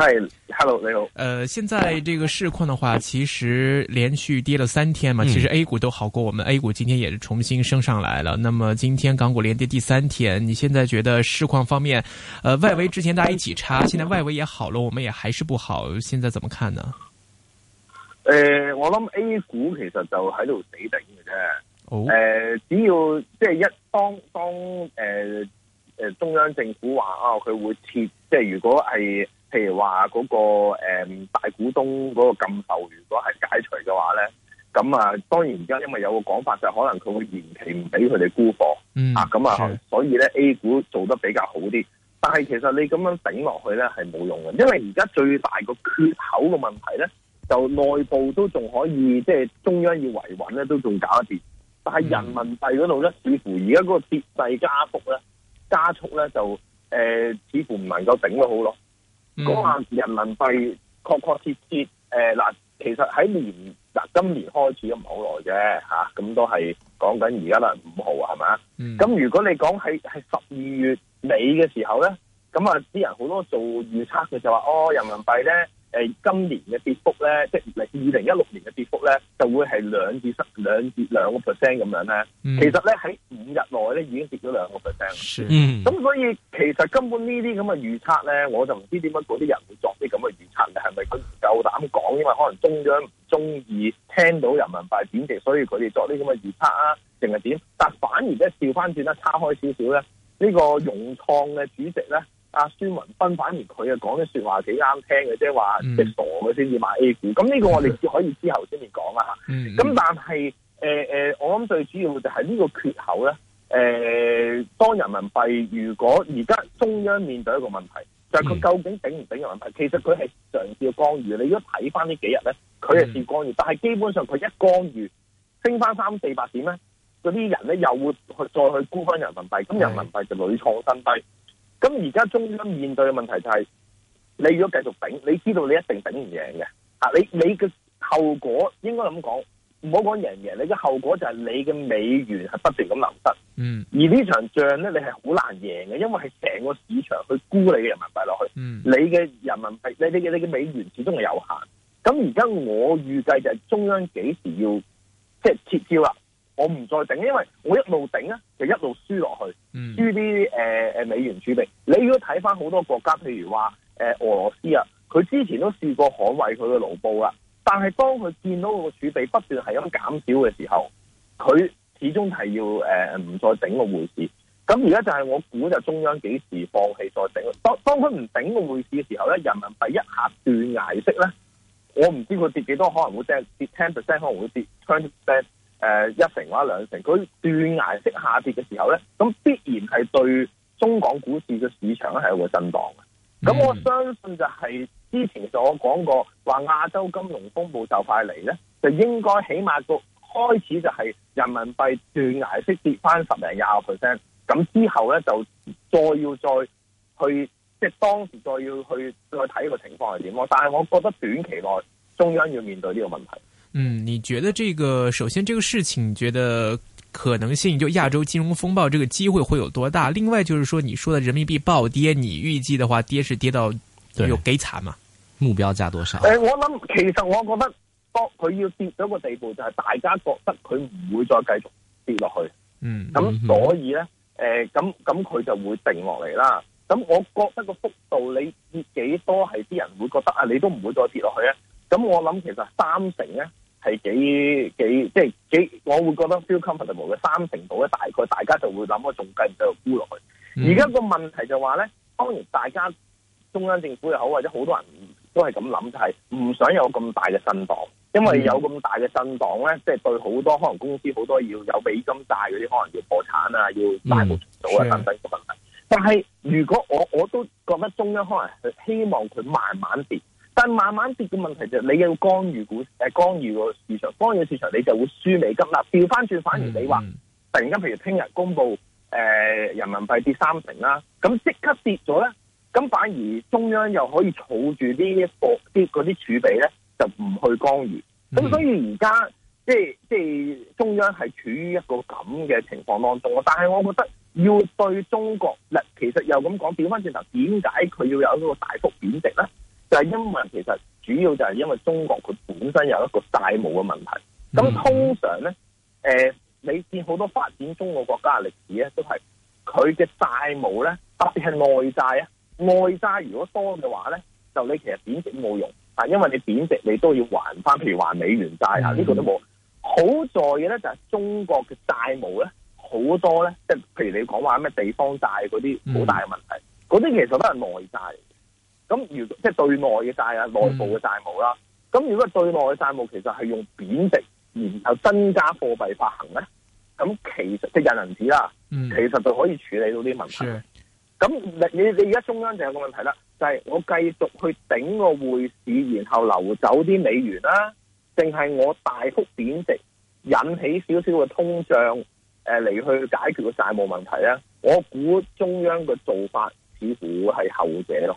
Hi, hello，你好。呃，現在這個市況的話，其實連續跌了三天嘛。嗯、其實 A 股都好過我們，A 股今天也是重新升上來了。那麼今天港股連跌第三天，你現在覺得市況方面，呃，外圍之前大家一起差，現在外圍也好了，我們也還是不好，現在怎麼看呢？呃，我諗 A 股其實就喺度死頂嘅啫。哦、oh? 呃。只要即係一當當呃中央政府話啊，佢會撤，即係如果係。譬如話嗰個誒大股東嗰個禁售，如果係解除嘅話咧，咁啊，當然而家因為有個講法就可能佢會延期唔俾佢哋沽貨，嗯、啊，咁啊，所以咧 A 股做得比較好啲，但係其實你咁樣頂落去咧係冇用嘅，因為而家最大個缺口嘅問題咧，就內部都仲可以，即係中央要維穩咧都仲搞得掂，但係人民幣嗰度咧，似乎而家嗰個跌勢加速咧，加速咧就誒似乎唔能夠頂得好耐。嗰個、嗯、人民幣確確切切，嗱、呃，其實喺年嗱今年開始、啊、都唔好耐嘅吓，咁都係講緊而家啦，五號係咪？咁、嗯、如果你講喺喺十二月尾嘅時候咧，咁啊啲人好多做預測嘅就話，哦，人民幣咧。誒、呃，今年嘅跌幅咧，即係二零一六年嘅跌幅咧，就會係兩至三兩至兩個 percent 咁樣咧。其實咧喺五日內咧已經跌咗兩個 percent。嗯，咁所以其實根本呢啲咁嘅預測咧，我就唔知點解嗰啲人會作啲咁嘅預測咧，係咪佢唔夠膽講？因為可能中央唔中意聽到人民幣貶值，所以佢哋作啲咁嘅預測啊，定係點？但反而咧，調翻轉咧，差開少少咧，呢、這個融創嘅主席咧。阿孫雲斌反而佢啊講嘅說話幾啱聽嘅，即係話即傻佢先至買 A 股。咁呢、嗯、個我哋可以之後先嚟講啦吓。咁、嗯嗯、但係誒誒，我諗最主要就係呢個缺口咧。誒、呃，當人民幣如果而家中央面對一個問題，就係、是、佢究竟頂唔頂人民幣？其實佢係嘗試干預。你如果睇翻呢幾日咧，佢係試干預，但係基本上佢一干預，升翻三四百點咧，嗰啲人咧又會去再去沽翻人民幣，咁人民幣就屢創新低。嗯嗯咁而家中央面對嘅問題就係，你如果繼續頂，你知道你一定頂唔贏嘅。啊，你你嘅後果應該咁講，唔好講贏唔贏，你嘅後果就係你嘅美元係不斷咁流失。嗯，而呢場仗咧，你係好難贏嘅，因為係成個市場去沽你嘅人民幣落去。嗯，你嘅人民幣，你你你嘅美元始終係有限。咁而家我預計就係中央幾時要即係撤銷啦？我唔再頂，因為我一路頂啊，就一路輸落去，輸啲誒誒美元儲備。你如果睇翻好多國家，譬如話誒、呃、俄羅斯啊，佢之前都試過捍衞佢嘅盧布啊，但係當佢見到個儲備不斷係咁減少嘅時候，佢始終係要誒唔、呃、再頂個匯市。咁而家就係我估就中央幾時放棄再頂。當當佢唔頂個匯市嘅時候咧，人民幣一下斷崖式咧，我唔知佢跌幾多，可能會跌跌 ten percent，可能會跌 twenty percent。20誒、呃，一成或者兩成，佢斷崖式下跌嘅時候咧，咁必然係對中港股市嘅市場咧係有個震盪嘅。咁我相信就係之前所講過，話亞洲金融風暴就快嚟咧，就應該起碼個開始就係人民幣斷崖式跌翻十零廿個 percent，咁之後咧就再要再去，即係當時再要去再睇個情況係點咯。但係我覺得短期內中央要面對呢個問題。嗯，你覺得這個首先，這個事情覺得可能性就亞洲金融風暴這個機會會有多大？另外就是說，你說的人民幣暴跌，你預計的話跌是跌到有幾慘嘛？目標價多少？誒、嗯，我諗其實我覺得當佢要跌到個地步，就係、是、大家覺得佢唔會再繼續跌落去。嗯，咁所以咧，誒、嗯，咁咁佢就會定落嚟啦。咁我覺得個幅度你跌幾多係啲人會覺得啊，你都唔會再跌落去啊。咁我諗其實三成咧，係幾幾，即係幾我會覺得 feel comfortable 嘅三成度咧，大概大家就會諗啊，仲繼續沽落去。而家、嗯、個問題就話咧，當然大家中央政府又好，或者好多人都係咁諗，就係、是、唔想有咁大嘅震盪，因為有咁大嘅震盪咧，嗯、即係對好多可能公司好多要有美金債嗰啲，可能要破產啊，要債務重組啊等等嘅問題。嗯、但係如果我我都覺得中央可能係希望佢慢慢跌。但慢慢跌嘅問題就係你要干預股誒，干預個市場，干預市場你就會輸美金啦。調翻轉反而你話突然間譬如聽日公布誒、呃、人民幣跌三成啦，咁即刻跌咗咧，咁反而中央又可以儲住呢、嗯、一個啲嗰啲儲備咧，就唔去干預，咁所以而家即係即係中央係處於一個咁嘅情況當中。但係我覺得要對中國嗱，其實又咁講調翻轉頭，點解佢要有一個大幅貶值咧？就係因為其實主要就係因為中國佢本身有一個債務嘅問題。咁通常咧，誒、呃、你見好多發展中嘅國，國家嘅歷史咧，都係佢嘅債務咧，特別係外債啊。外債如果多嘅話咧，就你其實貶值冇用，但因為你貶值你都要還翻，譬如還美元債啊，呢、mm hmm. 個都冇。好在嘅咧就係、是、中國嘅債務咧好多咧，即係譬如你講話咩地方債嗰啲好大嘅問題，嗰啲其實都係內債。咁如即係對外嘅債啊，內部嘅債務啦，咁、嗯、如果對外嘅債務，其實係用貶值然後增加貨幣發行咧，咁其實即引人民幣啦，嗯、其實就可以處理到啲問題。咁的你你而家中央就有個問題啦，就係、是、我繼續去頂個匯市，然後流走啲美元啦、啊，定係我大幅貶值引起少少嘅通脹，誒、呃、嚟去解決個債務問題咧？我估中央嘅做法似乎係後者咯。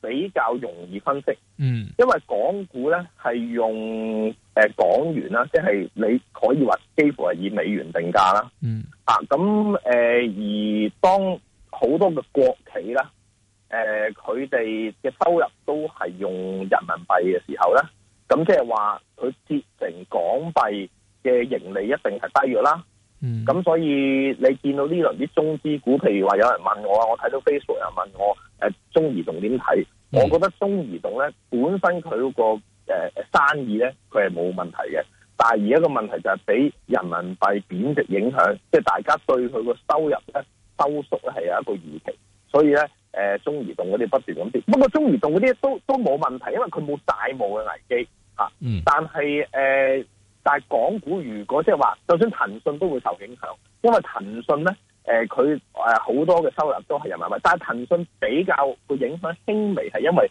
比較容易分析，嗯，因為港股咧係用誒、呃、港元啦，即係你可以話幾乎係以美元定價啦，嗯，啊咁誒、呃、而當好多嘅國企咧，誒佢哋嘅收入都係用人民幣嘅時候咧，咁即係話佢折成港幣嘅盈利一定係低咗啦。咁、嗯、所以你見到呢輪啲中資股，譬如話有人問我啊，我睇到 Facebook 又問我，誒、呃，中移動點睇？嗯、我覺得中移動咧，本身佢嗰個誒生意咧，佢係冇問題嘅。但係而家個問題就係俾人民幣貶值影響，即、就、係、是、大家對佢個收入咧收縮咧係有一個預期，所以咧，誒、呃，中移動嗰啲不斷咁跌。不過中移動嗰啲都都冇問題，因為佢冇債務嘅危機吓。啊嗯、但係誒。呃但係港股如果即係話，就算騰訊都會受影響，因為騰訊咧，誒佢誒好多嘅收入都係人民幣。但係騰訊比較個影響輕微，係因為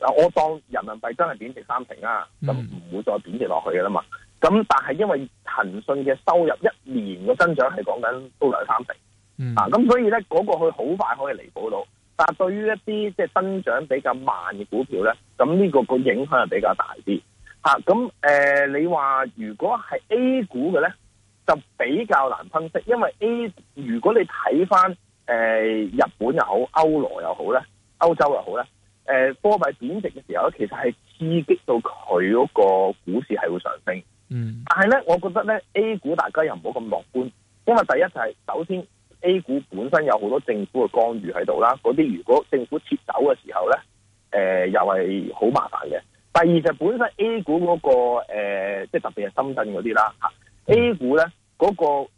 嗱，我當人民幣真係貶值三成啊，咁唔會再貶值落去噶啦嘛。咁但係因為騰訊嘅收入一年嘅增長係講緊都兩三成、嗯、啊，咁所以咧嗰、嗰個佢好快可以彌補到。但係對於一啲即係增長比較慢嘅股票咧，咁呢個個影響係比較大啲。啊，咁、呃、你話如果係 A 股嘅咧，就比較難分析，因為 A 如果你睇返、呃、日本又好、歐羅又好咧、歐洲又好咧，波、呃、貨幣貶值嘅時候咧，其實係刺激到佢嗰個股市係會上升。嗯，但係咧，我覺得咧 A 股大家又唔好咁樂觀，因為第一就係、是、首先 A 股本身有好多政府嘅干預喺度啦，嗰啲如果政府撤走嘅時候咧、呃，又係好麻煩嘅。第二就是、本身 A 股嗰、個誒、呃嗯那個啊，即係特別係深圳嗰啲啦吓，A 股咧嗰個誒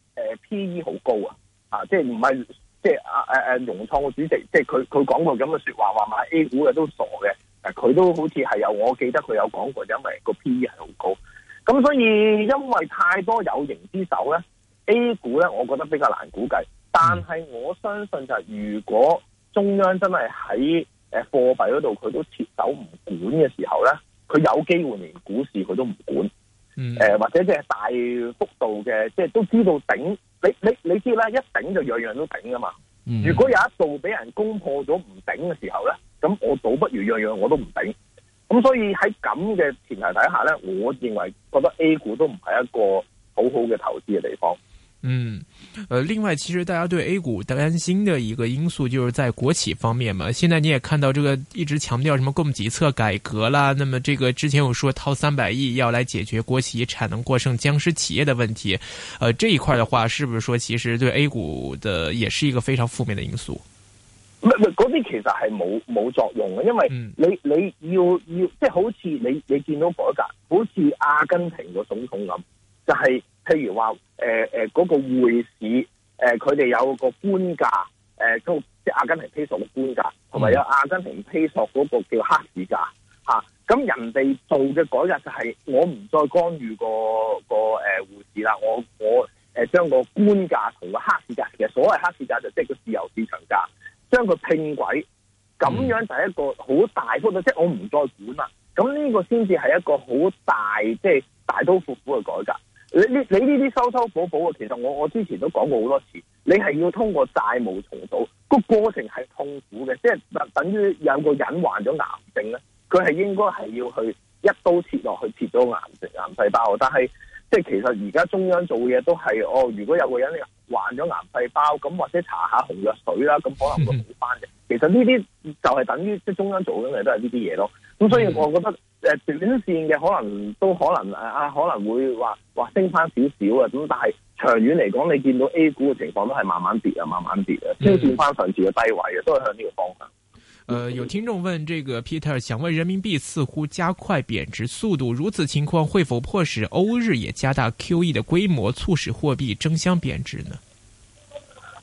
P E 好高啊，吓即係唔係即係阿誒誒融創個主席，即係佢佢講過咁嘅說話，話買 A 股嘅都傻嘅，佢都好似係有。我記得佢有講過，因為個 P E 係好高，咁所以因為太多有形之手咧，A 股咧，我覺得比較難估計，但係我相信就係如果中央真係喺誒貨幣嗰度佢都撤走唔管嘅時候咧。佢有機會連股市佢都唔管，呃，或者即係大幅度嘅，即係都知道頂。你你你知啦，一頂就樣樣都頂㗎嘛。如果有一度俾人攻破咗唔頂嘅時候咧，咁我倒不如樣樣我都唔頂。咁所以喺咁嘅前提底下咧，我認為覺得 A 股都唔係一個好好嘅投資嘅地方。嗯，呃，另外，其實大家對 A 股擔心的一個因素，就是在國企方面嘛。現在你也看到這個一直強調什麼供給側改革啦，那麼這個之前有說掏三百億要來解決國企產能過剩、僵屍企業的問題，呃，這一塊的話，是不是說其實對 A 股的也是一個非常負面的因素？唔唔，嗰啲其實係冇冇作用嘅，因為你你要要，即好似你你見到改革，好似阿根廷個總統咁，就係、是。譬如話，誒、呃、誒，嗰、呃那個匯市，誒、呃，佢哋有個官價，誒、呃，都即係阿根廷比索嘅官價，同埋有，有阿根廷比索嗰個叫黑市價，吓、啊，咁人哋做嘅改革就係我唔再干預、那個、那個誒匯、呃、市啦，我我誒將、呃、個官價同個黑市價，其實所謂黑市價就即係個自由市場價，將佢拼軌，咁樣就係一個好大幅度，即係、嗯、我唔再管啦，咁呢個先至係一個好大，即、就、係、是、大刀闊斧嘅改革。你呢？你呢啲修修補補嘅，其實我我之前都講過好多次，你係要通過債務重組，個過程係痛苦嘅，即係等於有個人患咗癌症咧，佢係應該係要去一刀切落去切咗癌症癌細胞，但係即係其實而家中央做嘢都係哦，如果有個人患咗癌細胞，咁或者搽下紅藥水啦，咁可能會好翻嘅。 其實呢啲就係等於即係中央做緊嘅都係呢啲嘢咯。咁所以我覺得。 誒，短線嘅可能都可能誒啊，可能會話話升翻少少啊，咁但係長遠嚟講，你見到 A 股嘅情況都係慢慢跌啊，慢慢跌啊，即係跌翻上次嘅低位啊。都係向呢個方向。誒、呃，有聽眾問，這個 Peter 想問，人民幣似乎加快貶值速度，如此情況會否迫使歐日也加大 QE 嘅規模，促使貨幣爭相貶值呢？誒、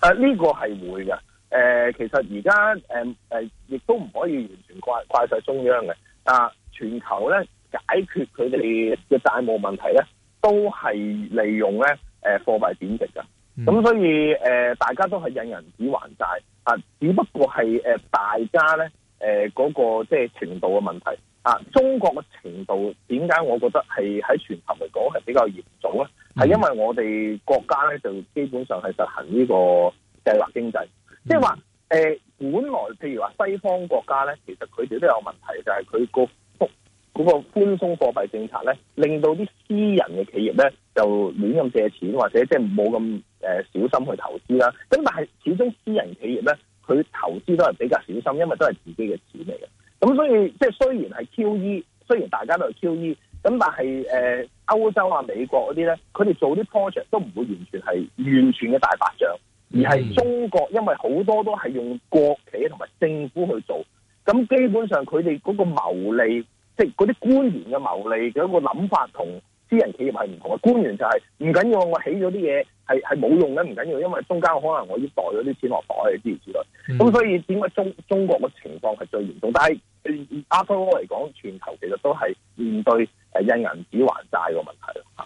呃，呢、這個係會嘅。誒、呃，其實而家誒誒，亦、呃呃、都唔可以完全怪怪晒中央嘅啊。呃全球咧解決佢哋嘅債務問題咧，都係利用咧誒貨幣貶值噶。咁、嗯、所以誒、呃，大家都係印銀紙還債啊，只不過係誒大家咧誒嗰個即係程度嘅問題啊。中國嘅程度點解我覺得係喺全球嚟講係比較嚴重咧？係、嗯、因為我哋國家咧就基本上係實行呢個計劃經濟，即係話誒，本來譬如話西方國家咧，其實佢哋都有問題，就係佢個，嗰個寬鬆貨幣政策咧，令到啲私人嘅企業咧就亂咁借錢，或者即係冇咁誒小心去投資啦。咁但係始終私人企業咧，佢投資都係比較小心，因為都係自己嘅錢嚟嘅。咁所以即係雖然係 QE，雖然大家都係 QE，咁但係誒、呃、歐洲啊、美國嗰啲咧，佢哋做啲 project 都唔會完全係完全嘅大白象，而係中國因為好多都係用國企同埋政府去做，咁基本上佢哋嗰個牟利。即嗰啲官員嘅牟利，嘅、佢、一個諗法同私人企業係唔同嘅。官員就係、係唔緊要，我起咗啲嘢係冇用嘅，唔緊要，因為中間可能我要袋咗啲錢落袋之之類。咁所以點解中中國嘅情況係最嚴重？但係以亞洲嚟講，全球其實都係面對印銀紙還債個問題咯。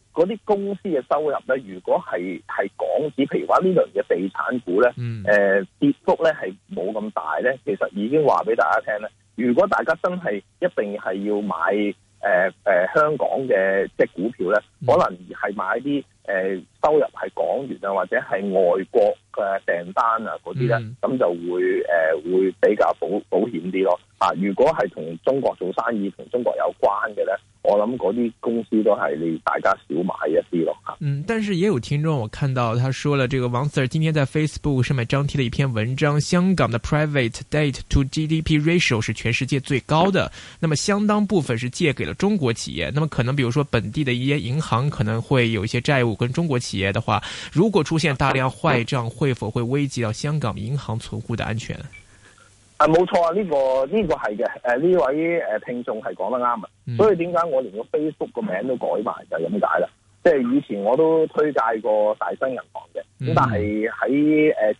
嗰啲公司嘅收入咧，如果係係港紙，譬如話呢輪嘅地產股咧，誒、呃、跌幅咧係冇咁大咧，其實已經話俾大家聽咧。如果大家真係一定係要買誒誒、呃呃、香港嘅即係股票咧，可能係買啲誒。呃收入係港元啊，或者係外國嘅訂單啊啲咧，咁、嗯、就會誒、呃、會比較保保險啲咯。啊，如果係同中國做生意、同中國有關嘅咧，我諗嗰啲公司都係你大家少買一啲咯吓。嗯，但是也有聽眾我看到，他說了，這個王 Sir 今天在 Facebook 上面張貼了一篇文章，香港的 private debt to GDP ratio 是全世界最高的，嗯、那麼相當部分是借給了中國企業，那麼可能，比如說本地的一些銀行可能會有一些債務跟中國企。企業的話，如果出現大量壞賬，會否會危及到香港銀行存戶的安全？啊，冇錯啊，呢、這個呢、這個係嘅，誒、呃、呢位誒、呃、聽眾係講得啱啊，嗯、所以點解我連個 Facebook 個名都改埋就咁解啦？即係以前我都推介過大新銀行嘅，咁、嗯、但係喺誒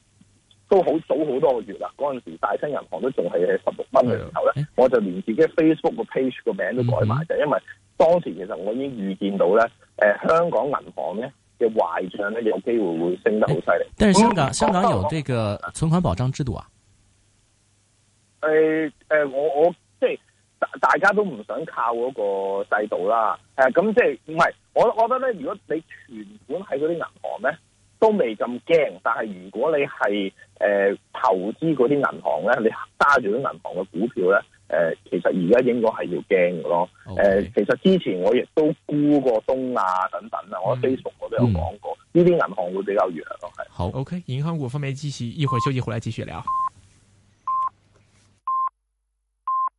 都好早好多個月啦，嗰陣時大新銀行都仲係十六蚊嘅時候咧，哎、呦我就連自己 Facebook 個 page 個名都改埋，就、嗯、因為當時其實我已經預見到咧，誒、呃、香港銀行咧。嘅壞賬咧，有機會會升得好犀利。但係香港、嗯、香港有呢個存款保障制度啊。誒誒、呃呃，我我即係大大家都唔想靠嗰個制度啦。誒、呃，咁即係唔係？我我覺得咧，如果你存款喺嗰啲銀行咧，都未咁驚。但係如果你係誒、呃、投資嗰啲銀行咧，你揸住啲銀行嘅股票咧。誒、呃，其實而家應該係要驚嘅咯。誒、呃，Okay. 其實之前我亦都估過東亞等等啊，嗯、我 Facebook 我都有講過，呢啲銀行會比較弱咯。係好 OK，銀行股方面支持，一會休息回來繼續聊。